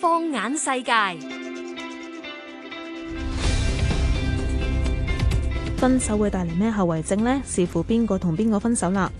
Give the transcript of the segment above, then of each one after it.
放眼世界，分手會帶嚟咩後遺症呢？視乎邊個同邊個分手啦。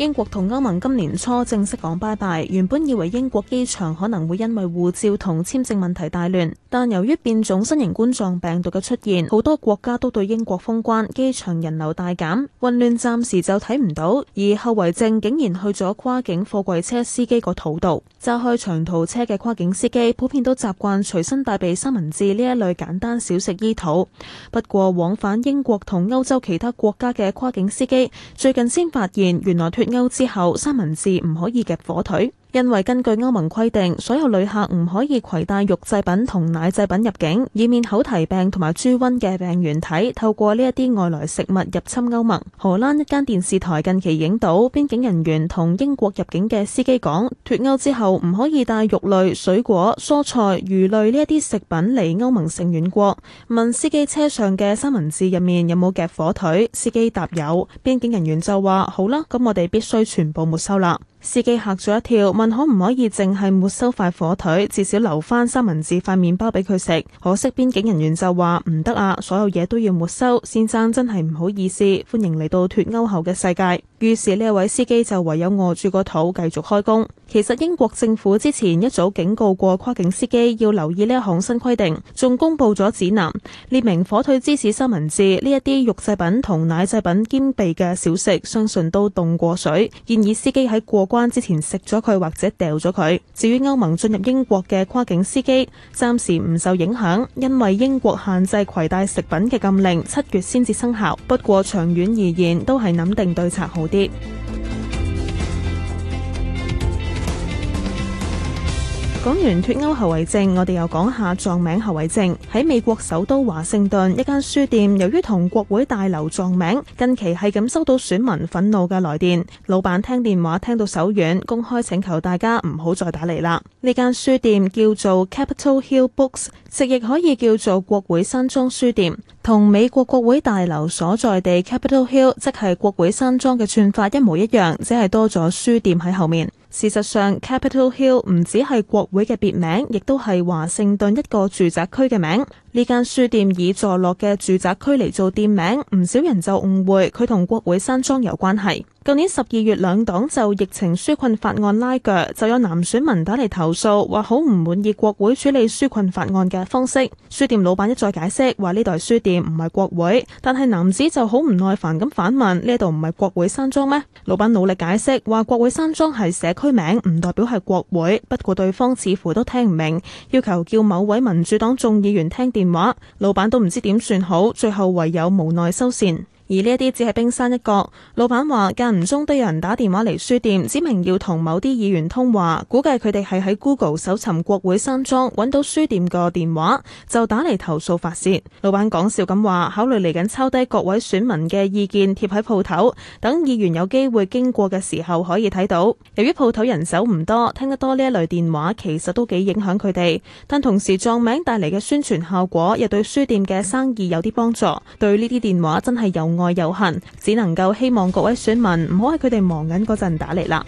英國同歐盟今年初正式講拜拜。原本以為英國機場可能會因為護照同簽證問題大亂，但由於變種新型冠狀病毒嘅出現，好多國家都對英國封關，機場人流大減，混亂暫時就睇唔到。而後遺症竟然去咗跨境貨櫃車司機個肚度。揸開長途車嘅跨境司機普遍都習慣隨身帶備三文治呢一類簡單小食醫肚。不過往返英國同歐洲其他國家嘅跨境司機最近先發現，原來脫之後三文治唔可以夾火腿。因為根據歐盟規定，所有旅客唔可以攜帶肉製品同奶製品入境，以免口蹄病同埋豬瘟嘅病原體透過呢一啲外來食物入侵歐盟。荷蘭一間電視台近期影到邊境人員同英國入境嘅司機講，脱歐之後唔可以帶肉類、水果、蔬菜、魚類呢一啲食品嚟歐盟成員國。問司機車上嘅三文治入面有冇夾火腿，司機答有，邊境人員就話：好啦，咁我哋必須全部沒收啦。司機嚇咗一跳，問可唔可以淨係沒收塊火腿，至少留返三文治塊麵包俾佢食。可惜邊境人員就話唔得啊，所有嘢都要沒收。先生真係唔好意思，歡迎嚟到脫歐後嘅世界。於是呢位司機就唯有餓住個肚繼續開工。其實英國政府之前一早警告過跨境司機要留意呢一項新規定，仲公佈咗指南，列明火腿、芝士、三文治呢一啲肉製品同奶製品兼備嘅小食，相信都凍過水，建議司機喺過。關之前食咗佢或者掉咗佢。至於歐盟進入英國嘅跨境司機，暫時唔受影響，因為英國限制攜帶食品嘅禁令七月先至生效。不過長遠而言，都係諗定對策好啲。講完脫歐後遺症，我哋又講下撞名後遺症。喺美國首都華盛頓一間書店，由於同國會大樓撞名，近期係咁收到選民憤怒嘅來電。老闆聽電話聽到手軟，公開請求大家唔好再打嚟啦。呢間書店叫做 Capital Hill Books，直譯可以叫做國會山莊書店。同美國國會大樓所在地 Capital Hill，即係國會山莊嘅串法一模一樣，只係多咗書店喺後面。事實上，Capitol Hill 唔只係國會嘅別名，亦都係華盛頓一個住宅區嘅名。呢間書店以坐落嘅住宅區嚟做店名，唔少人就誤會佢同國會山莊有關係。舊年十二月，兩黨就疫情紓困法案拉鋸，就有男選民打嚟投訴，話好唔滿意國會處理紓困法案嘅方式。書店老闆一再解釋，話呢度係書店，唔係國會。但係男子就好唔耐煩咁反問：呢度唔係國會山莊咩？老闆努力解釋，話國會山莊係社區名，唔代表係國會。不過對方似乎都聽唔明，要求叫某位民主黨眾議員聽電話。老闆都唔知點算好，最後唯有無奈收線。而呢啲只係冰山一角。老闆話間唔中都有人打電話嚟書店，指明要同某啲議員通話，估計佢哋係喺 Google 搜尋國會山莊揾到書店個電話，就打嚟投訴發洩。老闆講笑咁話，考慮嚟緊抄低各位選民嘅意見貼喺鋪頭，等議員有機會經過嘅時候可以睇到。由於鋪頭人手唔多，聽得多呢一類電話其實都幾影響佢哋，但同時撞名帶嚟嘅宣傳效果又對書店嘅生意有啲幫助。對呢啲電話真係有外有限，只能夠希望各位選民唔好喺佢哋忙緊嗰陣打嚟啦。